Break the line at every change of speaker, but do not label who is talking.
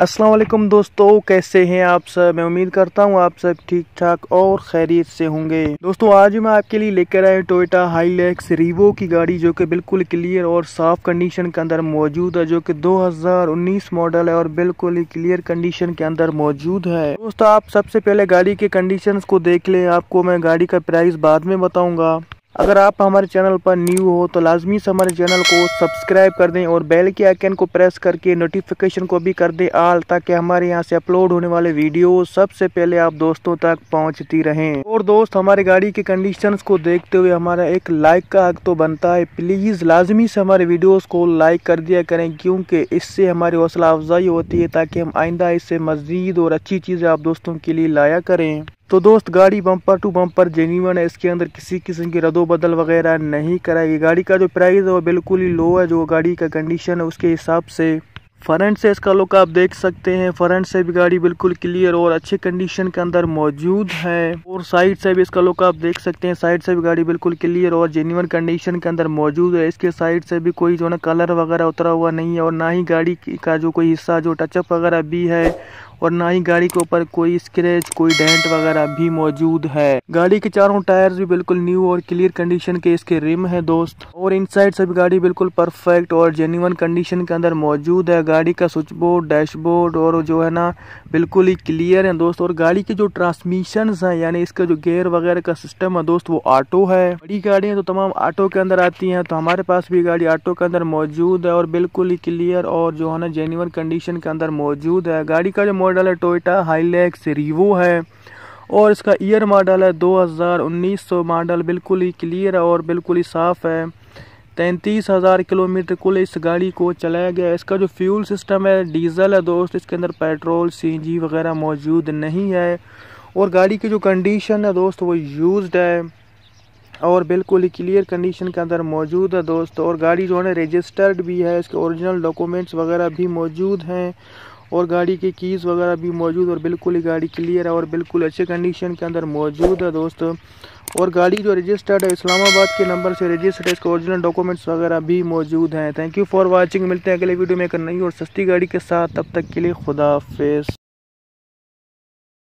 अस्सलाम वालेकुम दोस्तों कैसे हैं आप सब मैं उम्मीद करता हूँ आप सब ठीक ठाक और खैरियत से होंगे दोस्तों आज मैं आपके लिए लेकर आया टोयोटा हाईलैक्स रिवो की गाड़ी जो कि बिल्कुल क्लियर और साफ कंडीशन के अंदर मौजूद है जो कि 2019 मॉडल है और बिल्कुल ही क्लियर कंडीशन के अंदर मौजूद है दोस्तों आप सबसे पहले गाड़ी के कंडीशन को देख ले आपको मैं गाड़ी का प्राइस बाद में बताऊंगा अगर आप हमारे चैनल पर न्यू हो तो लाजमी से हमारे चैनल को सब्सक्राइब कर दें और बेल के आइकन को प्रेस करके नोटिफिकेशन को भी कर दें आल ताकि हमारे यहाँ से अपलोड होने वाले वीडियो सबसे पहले आप दोस्तों तक पहुँचती रहें और दोस्त हमारे गाड़ी के कंडीशन को देखते हुए हमारा एक लाइक का हक तो बनता है प्लीज़ लाजमी से हमारे वीडियोज़ को लाइक कर दिया करें क्योंकि इससे हमारी हौसला अफजाई होती है ताकि हम आइंदा इससे मज़ीद और अच्छी चीज़ें आप दोस्तों के लिए लाया करें तो दोस्त गाड़ी बम्पर टू बम्पर जेन्यून है इसके अंदर किसी किस्म की रदो बदल वगैरह नहीं कराएगी गाड़ी का जो प्राइस है वो बिल्कुल ही लो है जो गाड़ी का कंडीशन है उसके हिसाब से फ्रंट से इसका लुक आप देख सकते हैं फ्रंट से भी गाड़ी बिल्कुल क्लियर और अच्छे कंडीशन के अंदर मौजूद है और साइड से भी इसका लुक आप देख सकते हैं साइड से भी गाड़ी बिल्कुल क्लियर और जेन्यून कंडीशन के अंदर मौजूद है इसके साइड से भी कोई जो ना कलर वगैरह उतरा हुआ नहीं है और ना ही गाड़ी का जो कोई हिस्सा जो टचअप वगैरह भी है और ना ही गाड़ी के ऊपर कोई स्क्रेच कोई डेंट वगैरह भी मौजूद है गाड़ी के चारों टायर भी बिल्कुल न्यू और क्लियर कंडीशन के इसके रिम है दोस्त और इन साइड से गाड़ी बिल्कुल परफेक्ट और जेन्यून कंडीशन के अंदर मौजूद है गाड़ी का स्विच बोर्ड डैशबोर्ड और जो है ना बिल्कुल ही क्लियर है दोस्त और गाड़ी के जो ट्रांसमिशन है यानी इसका जो गेयर वगैरह का सिस्टम है दोस्त वो ऑटो है बड़ी गाड़ी तो तमाम ऑटो के अंदर आती है तो हमारे पास भी गाड़ी ऑटो के अंदर मौजूद है और बिल्कुल ही क्लियर और जो है ना जेन्यून कंडीशन के अंदर मौजूद है गाड़ी का जो मॉडल है टोयोटा हाईलैक्स रिवो है और इसका ईयर मॉडल है 2019 सौ मॉडल बिल्कुल ही क्लियर है और बिल्कुल ही साफ़ है तैंतीस हज़ार किलोमीटर कुल इस गाड़ी को चलाया गया इसका जो फ्यूल सिस्टम है डीजल है दोस्त इसके अंदर पेट्रोल सीएनजी वगैरह मौजूद नहीं है और गाड़ी की जो कंडीशन है दोस्त वो यूज्ड है और बिल्कुल ही क्लियर कंडीशन के अंदर मौजूद है दोस्त और गाड़ी जो है रजिस्टर्ड भी है इसके ओरिजिनल डॉक्यूमेंट्स वगैरह भी मौजूद हैं और गाड़ी के कीज़ वगैरह भी मौजूद और बिल्कुल ही गाड़ी क्लियर है और बिल्कुल अच्छे कंडीशन के अंदर मौजूद है दोस्तों और गाड़ी जो रजिस्टर्ड है इस्लामाबाद के नंबर से रजिस्टर्ड है इसके ओरिजिनल डॉक्यूमेंट्स वगैरह भी मौजूद हैं थैंक यू फॉर वॉचिंग मिलते हैं अगले वीडियो में एक नई और सस्ती गाड़ी के साथ तब तक के लिए खुदाफिज